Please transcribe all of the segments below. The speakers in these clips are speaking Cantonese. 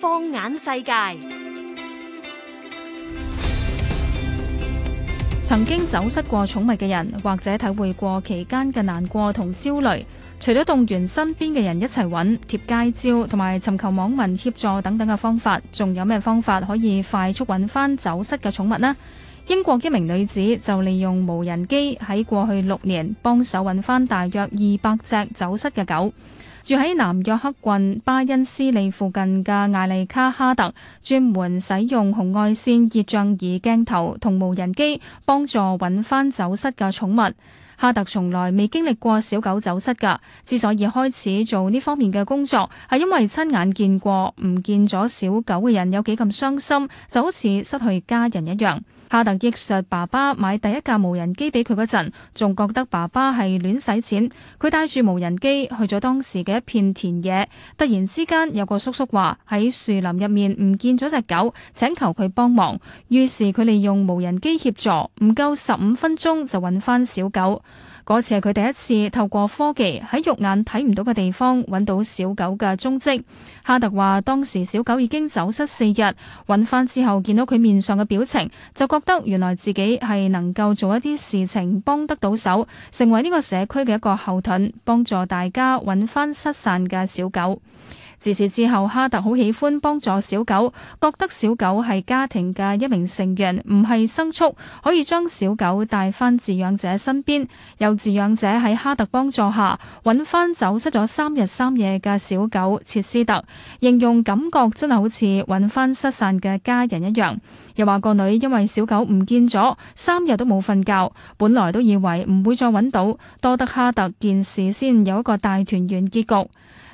放眼世界，曾經走失過寵物嘅人，或者體會過期間嘅難過同焦慮，除咗動員身邊嘅人一齊揾、貼街招、同埋尋求網民協助等等嘅方法，仲有咩方法可以快速揾翻走失嘅寵物呢？英國一名女子就利用無人機喺過去六年幫手揾翻大約二百隻走失嘅狗。住喺南約克郡巴恩斯利附近嘅艾莉卡哈特，專門使用紅外線熱像儀鏡頭同無人機幫助揾翻走失嘅寵物。哈特從來未經歷過小狗走失嘅，之所以開始做呢方面嘅工作，係因為親眼見過唔見咗小狗嘅人有幾咁傷心，就好似失去家人一樣。哈特憶述，爸爸買第一架無人機俾佢嗰陣，仲覺得爸爸係亂使錢。佢帶住無人機去咗當時嘅一片田野，突然之間有個叔叔話喺樹林入面唔見咗隻狗，請求佢幫忙。於是佢利用無人機協助，唔夠十五分鐘就搵返小狗。嗰次係佢第一次透過科技喺肉眼睇唔到嘅地方揾到小狗嘅蹤跡。哈特話，當時小狗已經走失四日，揾翻之後見到佢面上嘅表情，就覺得原來自己係能夠做一啲事情幫得到手，成為呢個社區嘅一個後盾，幫助大家揾翻失散嘅小狗。自此之後，哈特好喜歡幫助小狗，覺得小狗係家庭嘅一名成員，唔係牲畜，可以將小狗帶返飼養者身邊，有飼養者喺哈特幫助下，揾翻走失咗三日三夜嘅小狗切斯特，形容感覺真係好似揾翻失散嘅家人一樣。又話個女因為小狗唔見咗三日都冇瞓覺，本來都以為唔會再揾到，多得哈特件事先有一個大團圓結局。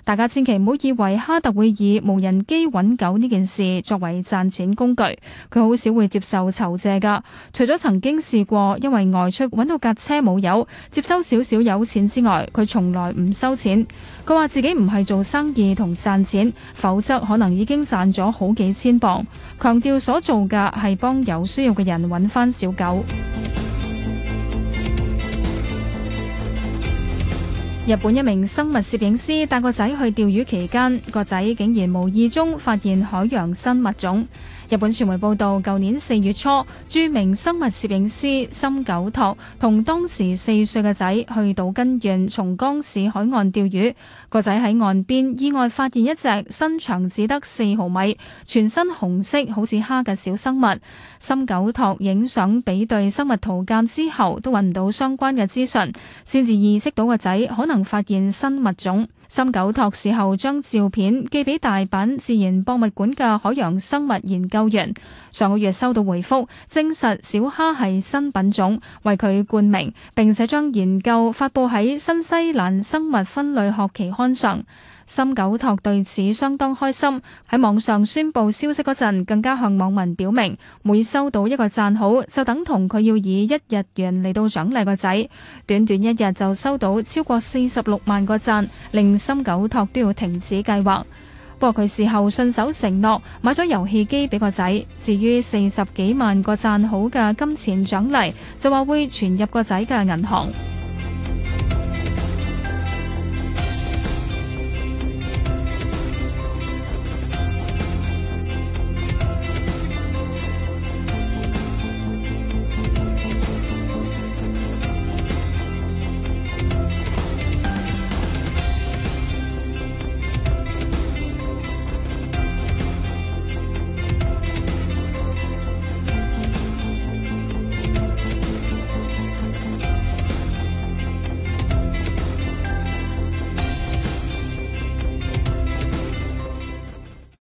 大家千祈唔好以為哈特會以無人機揾狗呢件事作為賺錢工具，佢好少會接受酬謝㗎。除咗曾經試過因為外出揾到架車冇油，接收少少有錢之外，佢從來唔收錢。佢話自己唔係做生意同賺錢，否則可能已經賺咗好幾千鎊。強調所做嘅係幫有需要嘅人揾翻小狗。日本一名生物攝影師帶個仔去釣魚期間，個仔竟然無意中發現海洋生物種。日本傳媒報道，舊年四月初，著名生物攝影師森九拓同當時四歲嘅仔去島根縣松江市海岸釣魚，個仔喺岸邊意外發現一隻身長只得四毫米、全身紅色、好似蝦嘅小生物。森九拓影相比對生物圖鑑之後，都揾唔到相關嘅資訊，先至意識到個仔可能。發現新物種，深九托事後將照片寄俾大阪自然博物館嘅海洋生物研究員，上個月收到回覆，證實小蝦係新品種，為佢冠名，並且將研究發布喺新西蘭生物分類學期刊上。森九托對此相當開心，喺網上宣布消息嗰陣，更加向網民表明每收到一個讚好，就等同佢要以一日元嚟到獎勵個仔。短短一日就收到超過四十六萬個讚，令森九托都要停止計劃。不過佢事後信守承諾買咗遊戲機俾個仔。至於四十幾萬個讚好嘅金錢獎勵，就話會存入個仔嘅銀行。